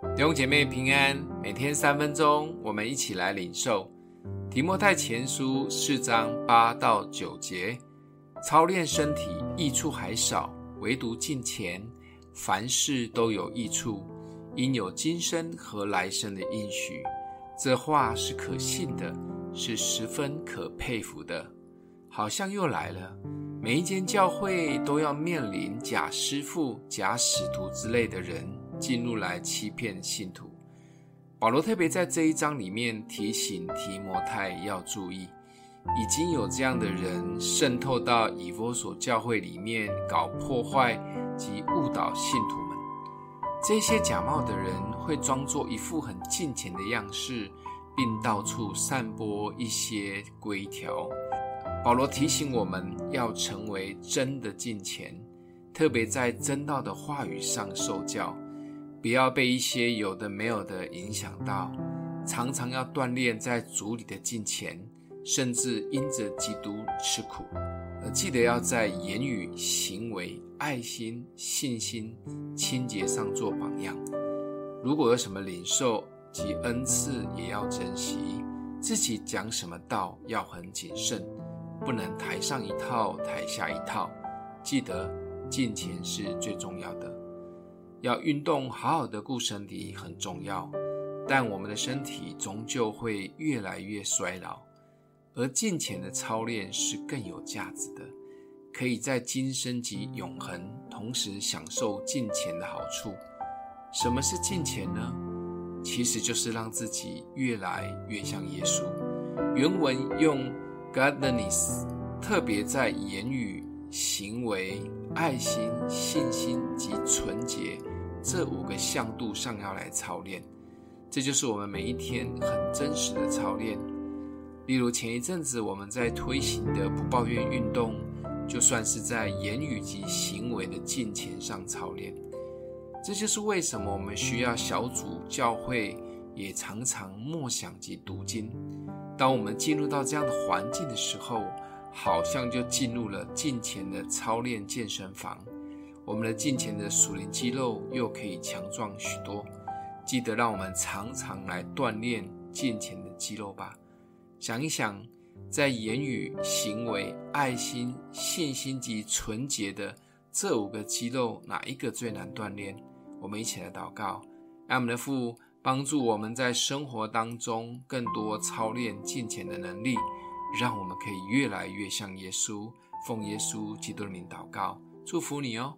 弟兄姐妹平安，每天三分鐘，我們一起來領受提摩太前書，四章八到九節。操練身體益處還少，唯獨敬虔，凡事都有益處。因有今生和來生的應許，這話是可信的，是十分可佩服的。好像又來了，每一間教會都要面臨假師傅、假使徒之類的人。進入來欺騙信徒。保羅特別在這一章裡面提醒提摩太要注意，已經有這樣的人滲透到以弗所教會裡面搞破壞及誤導信徒們。這些假冒的人會裝作一副很敬虔的樣式，並到處散播一些規條。保羅提醒我們要成為真的敬虔，特別在真道的話語上受教。不要被一些有的沒有的影響到，常常要鍛鍊在主裡的敬虔，甚至因着基督吃苦。而記得要在言語、行為、愛心、信心、清潔上做榜樣。如果有什麼領受及恩賜，也要珍惜。自己講什麼道要很謹慎，不能台上一套台下一套。記得敬虔是最重要的。要運動，好好的顧身體很重要，但我們的身體終究會越來越衰老，而敬虔的操練是更有價值的，可以在今生及永恆同時享受敬虔的好處。什麼是敬虔呢？其實就是讓自己越來越像耶穌。原文用 godliness 特別在言語、行為。愛心、信心及純潔這五個向度上要來操練，這就是我們每一天很真實的操練。例如前一陣子我們在推行的不抱怨運動，就算是在言語及行為的敬虔上操練。這就是為什麼我們需要小組教會，也常常默想及讀經。當我們進入到這樣的環境的時候。好像就進入了敬虔的操練健身房，我們的敬虔的屬靈肌肉又可以強壯許多。記得讓我們常常來鍛鍊敬虔的肌肉吧。想一想，在言語、行為、愛心、信心及純潔的這五個肌肉，哪一個最難鍛鍊？我們一起來禱告，讓我們的父幫助我們在生活當中更多操練敬虔的能力。讓我們可以越來越像耶穌，奉耶穌基督的名禱告，祝福你哦。